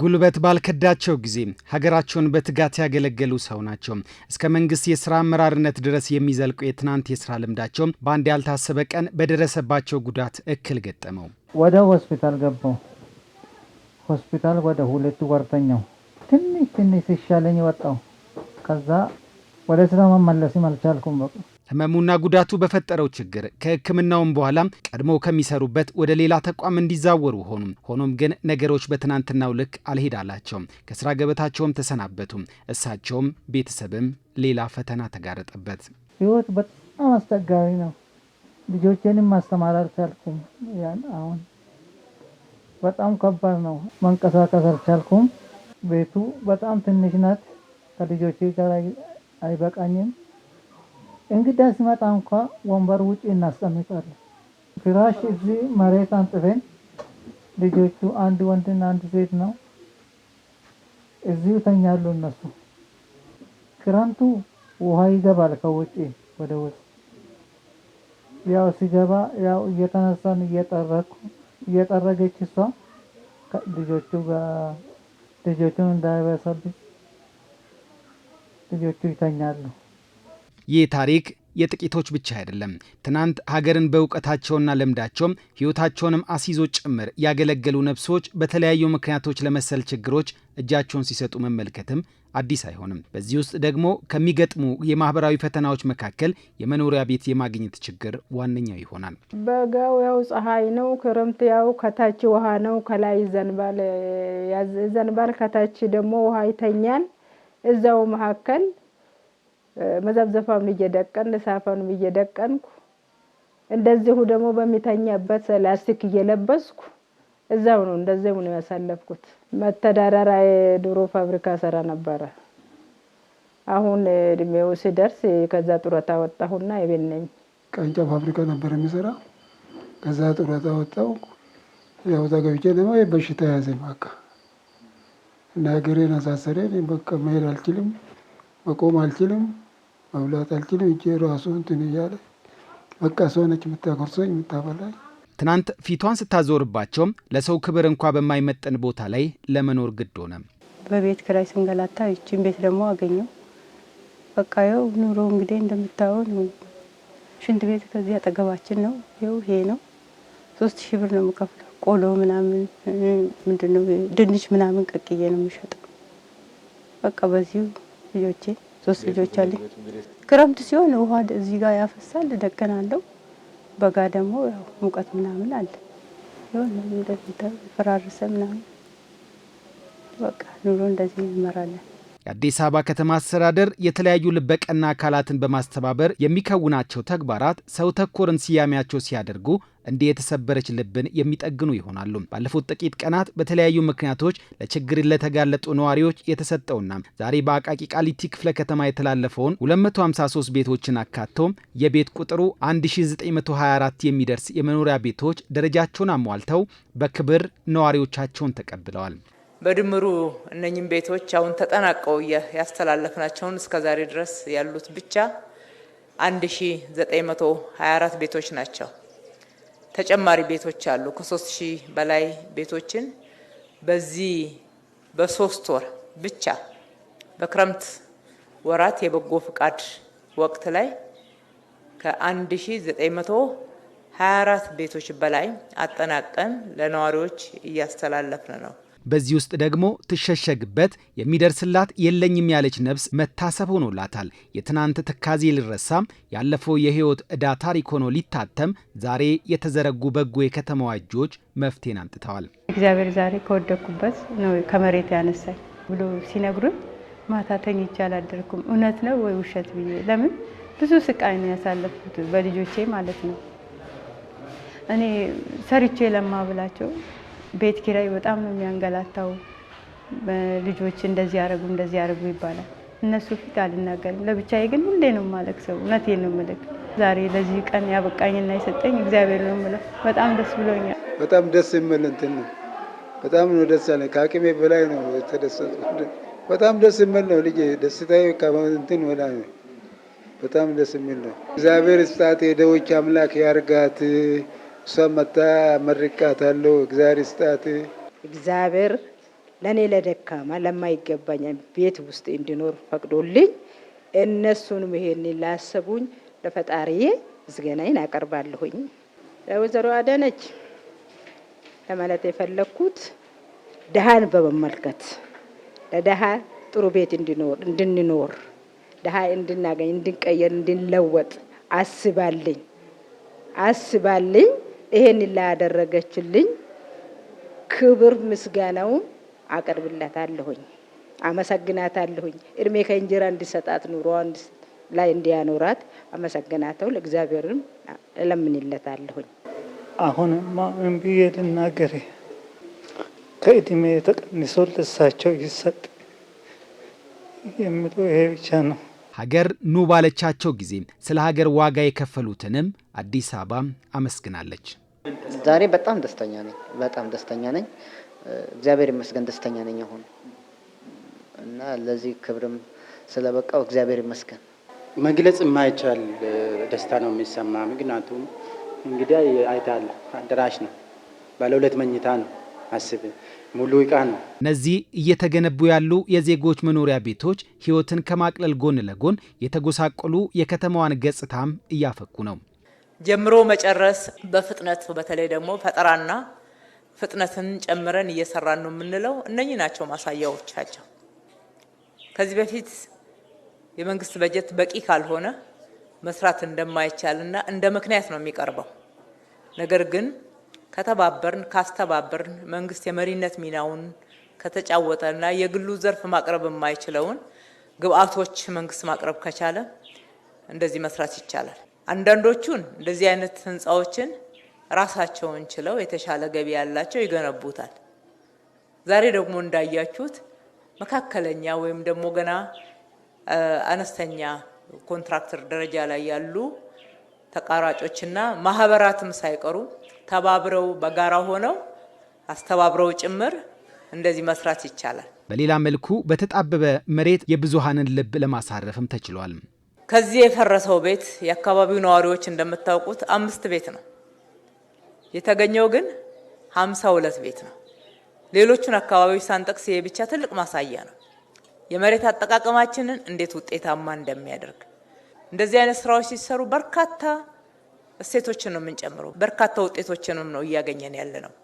ጉልበት ባልከዳቸው ጊዜ ሀገራቸውን በትጋት ያገለገሉ ሰው ናቸው። እስከ መንግስት የስራ አመራርነት ድረስ የሚዘልቁ የትናንት የስራ ልምዳቸው በአንድ ያልታሰበ ቀን በደረሰባቸው ጉዳት እክል ገጠመው። ወደ ሆስፒታል ገባው። ሆስፒታል ወደ ሁለት ወር ትንሽ ትንሽ ሲሻለኝ ወጣው። ከዛ ወደ ስራ መመለስም አልቻልኩም። በቃ ህመሙና ጉዳቱ በፈጠረው ችግር ከሕክምናውም በኋላ ቀድሞ ከሚሰሩበት ወደ ሌላ ተቋም እንዲዛወሩ ሆኑ። ሆኖም ግን ነገሮች በትናንትናው ልክ አልሄዳላቸውም። ከስራ ገበታቸውም ተሰናበቱ። እሳቸውም ቤተሰብም ሌላ ፈተና ተጋረጠበት። ህይወት በጣም አስቸጋሪ ነው። ልጆቼንም ማስተማር አልቻልኩም። አሁን በጣም ከባድ ነው። መንቀሳቀስ አልቻልኩም። ቤቱ በጣም ትንሽ ናት። ከልጆቼ ጋር አይበቃኝም። እንግዳ ሲመጣ እንኳ ወንበር ውጭ እናስቀምጣለን። ፍራሽ እዚህ መሬት አንጥፈን ልጆቹ አንድ ወንድና አንድ ሴት ነው፣ እዚሁ ተኛሉ እነሱ። ክረምቱ ውሃ ይገባል ከውጭ ወደ ውጭ። ያው ሲገባ ያው እየተነሳን እየጠረኩ እየጠረገች እሷ ልጆቹ ጋር ልጆቹን እንዳይበሰብ ልጆቹ ይተኛሉ። ይህ ታሪክ የጥቂቶች ብቻ አይደለም። ትናንት ሀገርን በእውቀታቸውና ልምዳቸውም ሕይወታቸውንም አስይዞ ጭምር ያገለገሉ ነፍሶች በተለያዩ ምክንያቶች ለመሰል ችግሮች እጃቸውን ሲሰጡ መመልከትም አዲስ አይሆንም። በዚህ ውስጥ ደግሞ ከሚገጥሙ የማህበራዊ ፈተናዎች መካከል የመኖሪያ ቤት የማግኘት ችግር ዋነኛው ይሆናል። በጋው ያው ፀሐይ ነው፣ ክረምት ያው ከታች ውሃ ነው፣ ከላይ ዘንባል፣ ዘንባል ከታች ደግሞ ውሃ ይተኛል እዛው መካከል መዘፍዘፋም እየደቀን ሳፋንም እየደቀንኩ እንደዚሁ ደግሞ በሚተኛበት ላስቲክ እየለበስኩ እዛው ነው እንደዚህ ነው ያሳለፍኩት። መተዳደሪያ የዶሮ ፋብሪካ ሰራ ነበረ። አሁን እድሜው ሲደርስ ከዛ ጡረታ ወጣሁና የቤት ነኝ። ቀንጫ ፋብሪካ ነበር የሚሰራ። ከዛ ጡረታ ወጣሁ። ያው ገብቼ ደግሞ በሽታ ያዘኝ በቃ እና እግሬን አሳሰረኝ። በቃ መሄድ አልችልም። መቆም አልችልም፣ መብላት አልችልም። እጄ ራሱ እንትን እያለ በቃ ሰው ነች የምታጎርሰኝ የምታበላኝ። ትናንት ፊቷን ስታዞርባቸውም ለሰው ክብር እንኳ በማይመጠን ቦታ ላይ ለመኖር ግድ ሆነ። በቤት ክራይ ስንገላታ ይችን ቤት ደግሞ አገኘው። በቃ ይኸው ኑሮ እንግዲህ እንደምታየው ነው። ሽንት ቤት ከዚህ አጠገባችን ነው። ይኸው ይሄ ነው። ሶስት ሺህ ብር ነው የምከፍለው። ቆሎ ምናምን ምንድነው ድንች ምናምን ቀቅዬ ነው የምሸጠው። በቃ በዚሁ ልጆቼ ሶስት ልጆች አለ። ክረምት ሲሆን ውሃ እዚህ ጋር ያፈሳል፣ ደቀናለሁ። በጋ ደግሞ ያው ሙቀት ምናምን አለ ይሁን እንደዚህ ፈራርሰ ምናምን በቃ ኑሮ እንደዚህ እንመራለን። የአዲስ አበባ ከተማ አስተዳደር የተለያዩ ልበቀና አካላትን በማስተባበር የሚከውናቸው ተግባራት ሰው ተኮርን ስያሜያቸው ሲያደርጉ እንዲህ የተሰበረች ልብን የሚጠግኑ ይሆናሉ። ባለፉት ጥቂት ቀናት በተለያዩ ምክንያቶች ለችግር ለተጋለጡ ነዋሪዎች የተሰጠውና ዛሬ በአቃቂ ቃሊቲ ክፍለ ከተማ የተላለፈውን 253 ቤቶችን አካቶ የቤት ቁጥሩ 1924 የሚደርስ የመኖሪያ ቤቶች ደረጃቸውን አሟልተው በክብር ነዋሪዎቻቸውን ተቀብለዋል። በድምሩ እነኝም ቤቶች አሁን ተጠናቀው ያስተላለፍናቸውን እስከ ዛሬ ድረስ ያሉት ብቻ 1924 ቤቶች ናቸው። ተጨማሪ ቤቶች አሉ። ከ3000 በላይ ቤቶችን በዚህ በሶስት ወር ብቻ በክረምት ወራት የበጎ ፍቃድ ወቅት ላይ ከ1924 ቤቶች በላይ አጠናቀን ለነዋሪዎች እያስተላለፍን ነው። በዚህ ውስጥ ደግሞ ትሸሸግበት የሚደርስላት የለኝም ያለች ነፍስ መታሰብ ሆኖላታል። የትናንት ትካዜ ሊረሳም ያለፈው የህይወት ዕዳ ታሪክ ሆኖ ሊታተም ዛሬ የተዘረጉ በጎ የከተማዋ እጆች መፍትሄን አምጥተዋል። እግዚአብሔር ዛሬ ከወደኩበት ነው ከመሬት ያነሳኝ ብሎ ሲነግሩኝ ማታ ተኝቼ አላደርኩም። እውነት ነው ወይ ውሸት ብዬ ለምን ብዙ ስቃይ ነው ያሳለፍኩት በልጆቼ ማለት ነው እኔ ሰርቼ ብላቸው ቤት ኪራይ በጣም ነው የሚያንገላታው። ልጆች እንደዚህ ያደረጉ እንደዚህ ያደረጉ ይባላል። እነሱ ፊት አልናገርም። ለብቻዬ ግን ሁሌ ነው ማለቅ ሰው እውነቴን ነው የምልህ። ዛሬ ለዚህ ቀን ያበቃኝና የሰጠኝ እግዚአብሔር ነው የምለው። በጣም ደስ ብሎኛል። በጣም ደስ የምል እንትን ነው። በጣም ነው ደስ ያለ። ከአቅሜ በላይ ነው የተደሰትኩት። በጣም ደስ የምል ነው ልጄ። ደስታዬ ከእንትን በላይ ነው። በጣም ደስ የሚል ነው። እግዚአብሔር ስጣት የደዎች አምላክ ያርጋት። እሷ መጣ መርቃታለሁ። እግዚአብሔር ስጣት። እግዚአብሔር ለእኔ ለደካማ ለማይገባኝ ቤት ውስጥ እንዲኖር ፈቅዶልኝ እነሱንም ይሄን ላሰቡኝ ለፈጣሪዬ ምስጋናዬን አቀርባለሁኝ። ለወይዘሮ አደነች ለማለት የፈለግኩት ድሃን በመመልከት ለድሃ ጥሩ ቤት እንድንኖር ድሃ እንድናገኝ፣ እንድንቀየር፣ እንድንለወጥ አስባልኝ አስባልኝ ይሄን ላደረገችልኝ ክብር ምስጋናውን አቀርብላታለሁኝ፣ አመሰግናታለሁኝ። እድሜ ከእንጀራ እንዲሰጣት ኑሮዋን ላይ እንዲያኖራት አመሰግናተው ለእግዚአብሔርም እለምንለታለሁኝ። አሁንማ ምን ብዬ ልናገር? ከእድሜ ተቀንሶ ለሳቸው ይሰጥ የሚለው ይሄ ብቻ ነው። ሀገር ኑ ባለቻቸው ጊዜ ስለ ሀገር ዋጋ የከፈሉትንም አዲስ አበባ አመስግናለች። ዛሬ በጣም ደስተኛ ነኝ፣ በጣም ደስተኛ ነኝ። እግዚአብሔር ይመስገን ደስተኛ ነኝ አሁን እና ለዚህ ክብርም ስለበቃው እግዚአብሔር ይመስገን። መግለጽ የማይቻል ደስታ ነው የሚሰማ። ምክንያቱም እንግዲህ አይታል አዳራሽ ነው፣ ባለ ሁለት መኝታ ነው አስብ ሙሉ እቃ ነው። እነዚህ እየተገነቡ ያሉ የዜጎች መኖሪያ ቤቶች ህይወትን ከማቅለል ጎን ለጎን የተጎሳቆሉ የከተማዋን ገጽታም እያፈኩ ነው። ጀምሮ መጨረስ በፍጥነት በተለይ ደግሞ ፈጠራና ፍጥነትን ጨምረን እየሰራን ነው የምንለው እነኚህ ናቸው ማሳያዎቻቸው። ከዚህ በፊት የመንግስት በጀት በቂ ካልሆነ መስራት እንደማይቻልና እንደ ምክንያት ነው የሚቀርበው ነገር ግን ከተባበርን፣ ካስተባበርን መንግስት የመሪነት ሚናውን ከተጫወተና የግሉ ዘርፍ ማቅረብ የማይችለውን ግብአቶች መንግስት ማቅረብ ከቻለ እንደዚህ መስራት ይቻላል። አንዳንዶቹን እንደዚህ አይነት ህንፃዎችን ራሳቸውን ችለው የተሻለ ገቢ ያላቸው ይገነቡታል። ዛሬ ደግሞ እንዳያችሁት መካከለኛ ወይም ደግሞ ገና አነስተኛ ኮንትራክተር ደረጃ ላይ ያሉ ተቃራጮችና ማህበራትም ሳይቀሩ ተባብረው በጋራ ሆነው አስተባብረው ጭምር እንደዚህ መስራት ይቻላል። በሌላ መልኩ በተጣበበ መሬት የብዙሃንን ልብ ለማሳረፍም ተችሏል። ከዚህ የፈረሰው ቤት የአካባቢው ነዋሪዎች እንደምታውቁት አምስት ቤት ነው የተገኘው፣ ግን ሀምሳ ሁለት ቤት ነው። ሌሎቹን አካባቢዎች ሳንጠቅስ ይሄ ብቻ ትልቅ ማሳያ ነው የመሬት አጠቃቀማችንን እንዴት ውጤታማ እንደሚያደርግ። እንደዚህ አይነት ስራዎች ሲሰሩ በርካታ እሴቶችን ነው የምንጨምረው። በርካታ ውጤቶችንም ነው እያገኘን ያለ ነው።